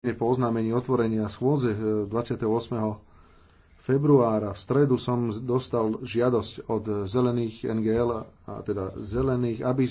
po oznámení otvorenia schôdze 28. E, februára v stredu som dostal žiadosť od zelených NGL, a teda zelených, aby